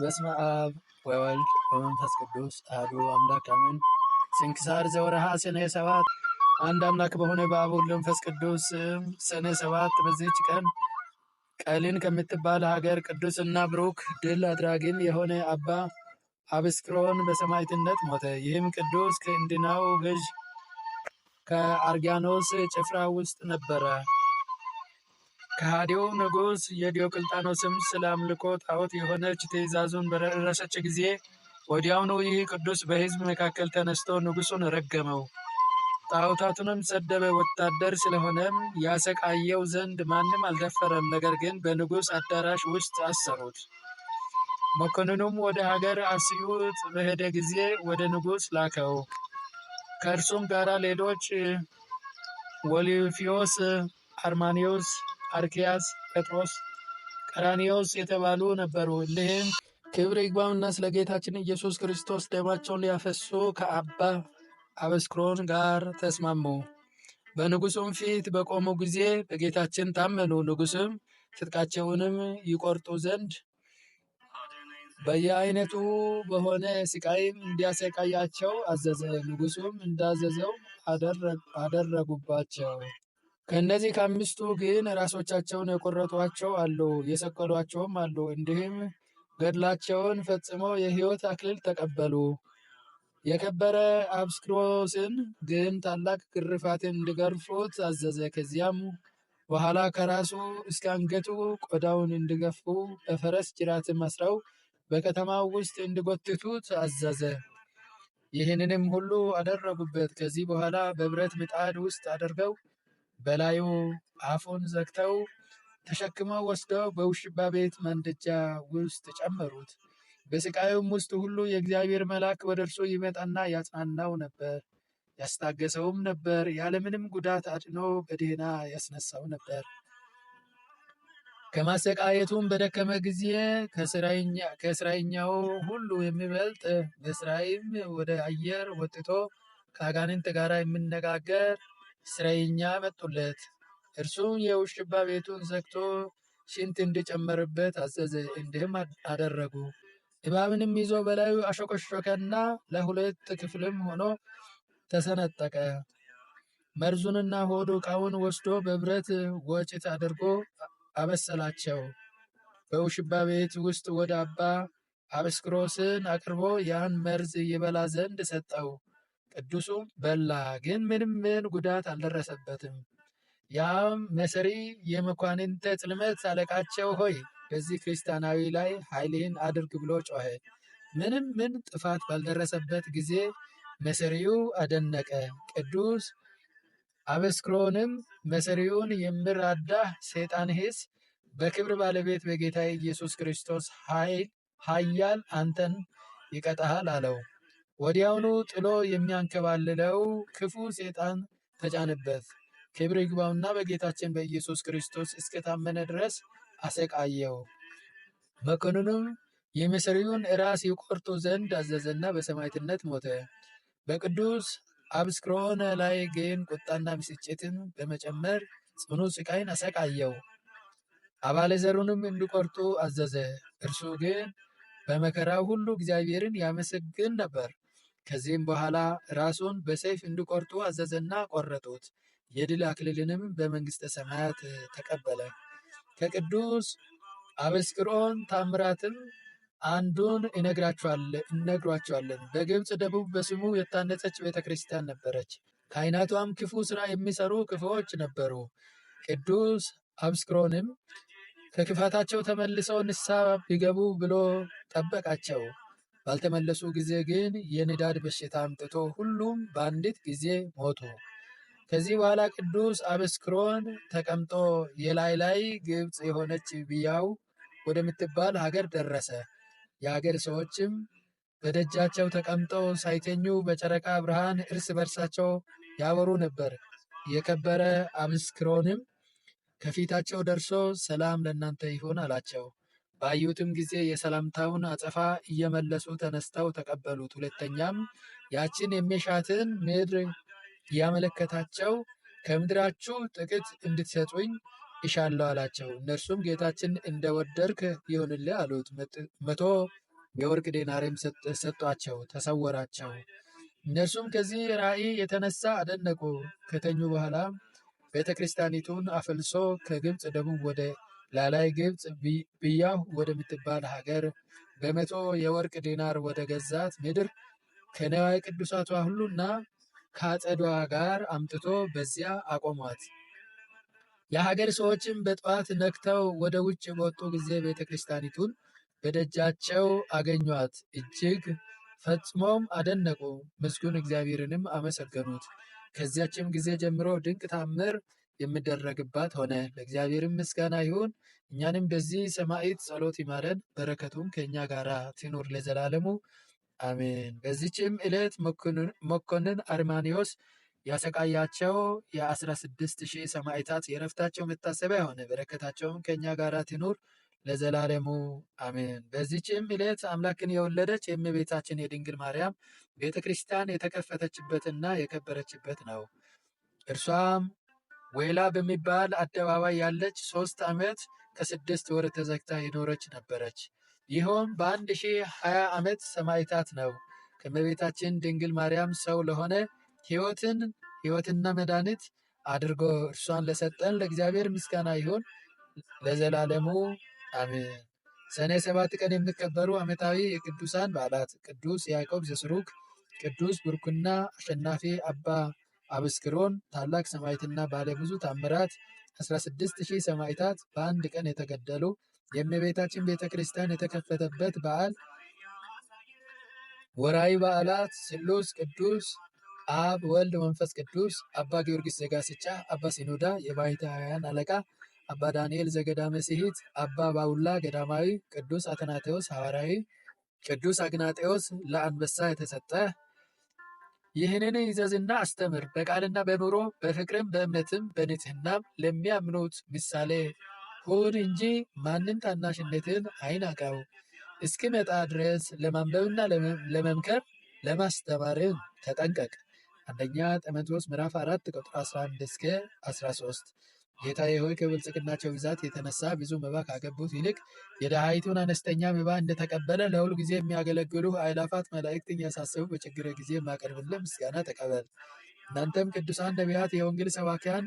በስመ አብ ወወልድ ወመንፈስ ቅዱስ አሐዱ አምላክ አሜን። ስንክሳር ዘወርሃ ሰኔ ሰባት አንድ አምላክ በሆነ በአብ ወልድ መንፈስ ቅዱስ ሰኔ ሰባት በዚች ቀን ቀሊን ከምትባል ሀገር ቅዱስና ብሩክ ድል አድራጊም የሆነ አባ አብስክሮን በሰማዕትነት ሞተ። ይህም ቅዱስ ከእንድናው ገዥ ከአርጋኖስ ጭፍራ ውስጥ ነበረ። ከሃዲው ንጉሥ የዲዮቅልጣኖስም ስለ አምልኮ ጣዖት የሆነች ትእዛዙን በደረሰች ጊዜ ወዲያውኑ ይህ ቅዱስ በሕዝብ መካከል ተነስቶ ንጉሡን ረገመው፣ ጣዖታቱንም ሰደበ። ወታደር ስለሆነም ያሰቃየው ዘንድ ማንም አልደፈረም። ነገር ግን በንጉሥ አዳራሽ ውስጥ አሰሩት። መኮንኑም ወደ ሀገር አስዩት በሄደ ጊዜ ወደ ንጉሥ ላከው። ከእርሱም ጋር ሌሎች ወሊፊዮስ፣ አርማኒዮስ አርኪያስ፣ ጴጥሮስ፣ ቀራኒዎስ የተባሉ ነበሩ። ልህም ክብር ይግባውና ስለ ጌታችን ኢየሱስ ክርስቶስ ደማቸውን ሊያፈሱ ከአባ አበስክሮን ጋር ተስማሙ። በንጉሱም ፊት በቆሙ ጊዜ በጌታችን ታመኑ። ንጉስም ትጥቃቸውንም ይቆርጡ ዘንድ በየአይነቱ በሆነ ስቃይም እንዲያሰቃያቸው አዘዘ። ንጉሱም እንዳዘዘው አደረጉባቸው። ከእነዚህ ከአምስቱ ግን ራሶቻቸውን የቆረጧቸው አሉ፣ የሰቀሏቸውም አሉ። እንዲህም ገድላቸውን ፈጽመው የሕይወት አክሊል ተቀበሉ። የከበረ አብስክሮስን ግን ታላቅ ግርፋትን እንዲገርፉት አዘዘ። ከዚያም በኋላ ከራሱ እስከ አንገቱ ቆዳውን እንዲገፉ በፈረስ ጅራትም አስረው በከተማው ውስጥ እንዲጎትቱት አዘዘ። ይህንንም ሁሉ አደረጉበት። ከዚህ በኋላ በብረት ምጣድ ውስጥ አድርገው በላዩ አፉን ዘግተው ተሸክመው ወስደው በውሽባ ቤት ማንደጃ ውስጥ ጨመሩት። በስቃዩም ውስጥ ሁሉ የእግዚአብሔር መልአክ ወደ እርሱ ይመጣና ያጽናናው ነበር፣ ያስታገሰውም ነበር። ያለምንም ጉዳት አድኖ በደህና ያስነሳው ነበር። ከማሰቃየቱም በደከመ ጊዜ ከእስረኛው ሁሉ የሚበልጥ በስራይም ወደ አየር ወጥቶ ከአጋንንት ጋር የሚነጋገር እስረኛ መጡለት። እርሱም የውሽባ ቤቱን ዘግቶ ሽንት እንዲጨመርበት አዘዘ። እንዲህም አደረጉ። እባብንም ይዞ በላዩ አሾቆሾከና ለሁለት ክፍልም ሆኖ ተሰነጠቀ። መርዙንና ሆዶ ዕቃውን ወስዶ በብረት ወጭት አድርጎ አበሰላቸው። በውሽባ ቤት ውስጥ ወደ አባ አብስክሮስን አቅርቦ ያን መርዝ ይበላ ዘንድ ሰጠው። ቅዱሱም በላ፣ ግን ምንም ምን ጉዳት አልደረሰበትም። ያም መሰሪ የመኳንንተ ጽልመት አለቃቸው ሆይ በዚህ ክርስቲያናዊ ላይ ኃይልህን አድርግ ብሎ ጮኸ። ምንም ምን ጥፋት ባልደረሰበት ጊዜ መሰሪው አደነቀ። ቅዱስ አበስክሮንም መሰሪውን የምራዳህ ሄስ በክብር ባለቤት በጌታ ኢየሱስ ክርስቶስ ኃይል ኃያል አንተን ይቀጣሃል አለው። ወዲያውኑ ጥሎ የሚያንከባልለው ክፉ ሰይጣን ተጫነበት። ክብር ይግባውና በጌታችን በኢየሱስ ክርስቶስ እስከታመነ ድረስ አሰቃየው። መኮንኑም የምስሪውን ራስ ይቆርጡ ዘንድ አዘዘና በሰማዕትነት ሞተ። በቅዱስ አብስክሮነ ላይ ግን ቁጣና ብስጭትን በመጨመር ጽኑ ስቃይን አሰቃየው። አባለ ዘሩንም እንዲቆርጡ አዘዘ። እርሱ ግን በመከራው ሁሉ እግዚአብሔርን ያመሰግን ነበር። ከዚህም በኋላ ራሱን በሰይፍ እንዲቆርጡ አዘዘና ቆረጡት። የድል አክሊልንም በመንግሥተ ሰማያት ተቀበለ። ከቅዱስ አበስቅሮን ታምራትም አንዱን እነግሯቸዋለን። በግብፅ ደቡብ በስሙ የታነጸች ቤተ ክርስቲያን ነበረች። ከአይናቷም ክፉ ሥራ የሚሰሩ ክፉዎች ነበሩ። ቅዱስ አብስክሮንም ከክፋታቸው ተመልሰው ንስሐ ቢገቡ ብሎ ጠበቃቸው። ባልተመለሱ ጊዜ ግን የንዳድ በሽታ አምጥቶ ሁሉም በአንዲት ጊዜ ሞቱ። ከዚህ በኋላ ቅዱስ አበስክሮን ተቀምጦ የላይ ላይ ግብፅ የሆነች ብያው ወደምትባል ሀገር ደረሰ። የሀገር ሰዎችም በደጃቸው ተቀምጠው ሳይተኙ በጨረቃ ብርሃን እርስ በርሳቸው ያወሩ ነበር። የከበረ አብስክሮንም ከፊታቸው ደርሶ ሰላም ለእናንተ ይሁን አላቸው። ባዩትም ጊዜ የሰላምታውን አጸፋ እየመለሱ ተነስተው ተቀበሉት። ሁለተኛም ያችን የሚሻትን ምድር እያመለከታቸው ከምድራችሁ ጥቂት እንድትሰጡኝ እሻለሁ አላቸው። እነርሱም ጌታችን እንደወደርክ ወደድክ ይሁንልህ አሉት። መቶ የወርቅ ዲናርም ሰጧቸው፣ ተሰወራቸው። እነርሱም ከዚህ ራእይ የተነሳ አደነቁ። ከተኙ በኋላ ቤተ ክርስቲያኒቱን አፈልሶ ከግብፅ ደቡብ ወደ ላላይ ግብፅ ብያሁ ወደምትባል ሀገር በመቶ የወርቅ ዲናር ወደ ገዛት ምድር ከነዋይ ቅዱሳቷ ሁሉና ከአጸዷ ጋር አምጥቶ በዚያ አቆሟት። የሀገር ሰዎችም በጠዋት ነክተው ወደ ውጭ በወጡ ጊዜ ቤተ ክርስቲያኒቱን በደጃቸው አገኟት። እጅግ ፈጽሞም አደነቁ፣ ምስጉን እግዚአብሔርንም አመሰገኑት። ከዚያችም ጊዜ ጀምሮ ድንቅ ታምር የምደረግባት ሆነ። ለእግዚአብሔር ምስጋና ይሁን። እኛንም በዚህ ሰማዕት ጸሎት ይማረን፣ በረከቱም ከእኛ ጋር ትኑር ለዘላለሙ አሜን። በዚችም ዕለት መኮንን አርማኒዎስ ያሰቃያቸው የ ስድስት ሺህ ሰማዕታት የረፍታቸው መታሰቢያ ሆነ። በረከታቸውም ከእኛ ጋር ትኑር ለዘላለሙ አሜን። በዚችም ዕለት አምላክን የወለደች የእመቤታችን የድንግል ማርያም ቤተ ክርስቲያን የተከፈተችበትና የከበረችበት ነው። እርሷም ወይላ በሚባል አደባባይ ያለች ሶስት ዓመት ከስድስት ወር ተዘግታ የኖረች ነበረች። ይኸውም በአንድ ሺህ ሀያ ዓመት ሰማዕታት ነው። ከእመቤታችን ድንግል ማርያም ሰው ለሆነ ሕይወትን ሕይወትና መድኃኒት አድርጎ እርሷን ለሰጠን ለእግዚአብሔር ምስጋና ይሁን ለዘላለሙ አሜን። ሰኔ ሰባት ቀን የሚከበሩ ዓመታዊ የቅዱሳን በዓላት፦ ቅዱስ ያዕቆብ ዘስሩግ፣ ቅዱስ ብርኩና አሸናፊ፣ አባ አብስክሮን ታላቅ ሰማዕትና ባለ ብዙ ታምራት 16000 ሰማዕታት በአንድ ቀን የተገደሉ የእመቤታችን ቤተ ክርስቲያን የተከፈተበት በዓል ወራዊ በዓላት ስሉስ ቅዱስ አብ ወልድ መንፈስ ቅዱስ አባ ጊዮርጊስ ዘጋስጫ አባ ሲኖዳ የባሕታውያን አለቃ አባ ዳንኤል ዘገዳመ መስሂት፣ አባ ባውላ ገዳማዊ ቅዱስ አትናቴዎስ ሐዋርያዊ ቅዱስ አግናጤዎስ ለአንበሳ የተሰጠ ይህንን ይዘዝና አስተምር፣ በቃልና በኑሮ በፍቅርም በእምነትም በንጽህናም ለሚያምኑት ምሳሌ ሁን እንጂ ማንም ታናሽነትን አይናቀው። እስኪመጣ ድረስ ለማንበብና ለመምከር ለማስተማርን ተጠንቀቅ። አንደኛ ጢሞቴዎስ ምዕራፍ 4 ቁጥር 11 እስከ 13 ጌታዬ ሆይ ከብልጽግናቸው ብዛት የተነሳ ብዙ መባ ካገቡት ይልቅ የድሃይቱን አነስተኛ መባ እንደተቀበለ ለሁል ጊዜ የሚያገለግሉ አእላፋት መላእክትን ያሳሰቡ በችግር ጊዜ የማቀርብልህ ምስጋና ተቀበል። እናንተም ቅዱሳን ነቢያት፣ የወንጌል ሰባኪያን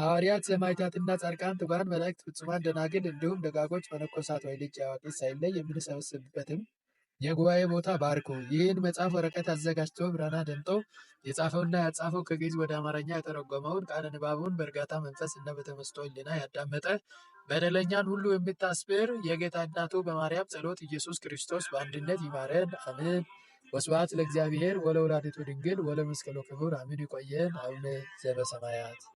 ሐዋርያት፣ ሰማዕታትና ጻድቃን፣ ትጉሃን መላእክት፣ ፍጹማን ደናግል እንዲሁም ደጋጎች መነኮሳት ወይ ልጅ አዋቂ ሳይለይ የምንሰበስብበትም የጉባኤ ቦታ ባርኮ ይህን መጽሐፍ ወረቀት አዘጋጅቶ ብራና ደምጦ የጻፈውና ያጻፈው ከግዕዝ ወደ አማርኛ የተረጎመውን ቃለ ንባቡን በእርጋታ መንፈስ እና በተመስጦ ሕሊና ያዳመጠ በደለኛን ሁሉ የምታስብር የጌታ እናቱ በማርያም ጸሎት ኢየሱስ ክርስቶስ በአንድነት ይማረን፣ አምን ወስብሐት ለእግዚአብሔር ወለወላዲቱ ድንግል ወለመስቀሉ ክቡር፣ አሜን። ይቆየን። አቡነ ዘበሰማያት